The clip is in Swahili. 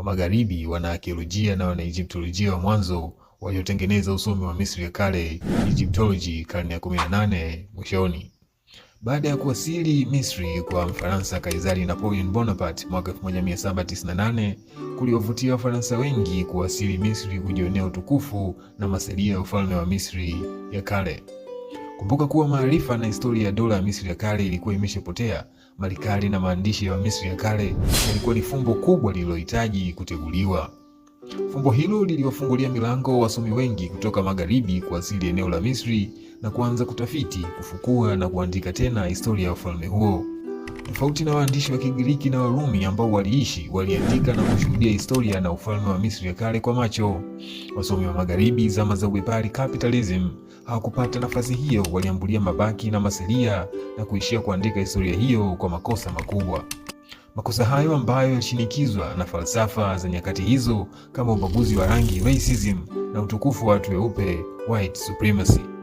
wa Magharibi, wanaakiolojia na egyptolojia wa mwanzo waliotengeneza usomi wa Misri ya kale, Egyptology, karne ya 18 mwishoni. Baada ya kuwasili Misri kwa Mfaransa Kaisari Napoleon Bonaparte mwaka 1798, kuliovutia Wafaransa wengi kuwasili Misri kujionea utukufu na masalia ya ufalme wa Misri ya kale. Kumbuka kuwa maarifa na historia ya dola ya Misri ya kale ilikuwa imeshapotea. Malikali na maandishi ya Misri ya kale yalikuwa ni fumbo kubwa lililohitaji kuteguliwa. Fumbo hilo liliwafungulia milango wasomi wengi kutoka magharibi kuasili eneo la Misri na kuanza kutafiti, kufukua na kuandika tena historia ya ufalme huo. Tofauti na waandishi wa Kigiriki na Warumi ambao waliishi, waliandika na kushuhudia historia na ufalme wa Misri ya kale kwa macho, wasomi wa magharibi, zama za ubepari, capitalism hawakupata nafasi hiyo, waliambulia mabaki na masalia na kuishia kuandika historia hiyo kwa makosa makubwa. Makosa hayo ambayo yalishinikizwa na falsafa za nyakati hizo kama ubaguzi wa rangi racism, na utukufu wa watu weupe white supremacy.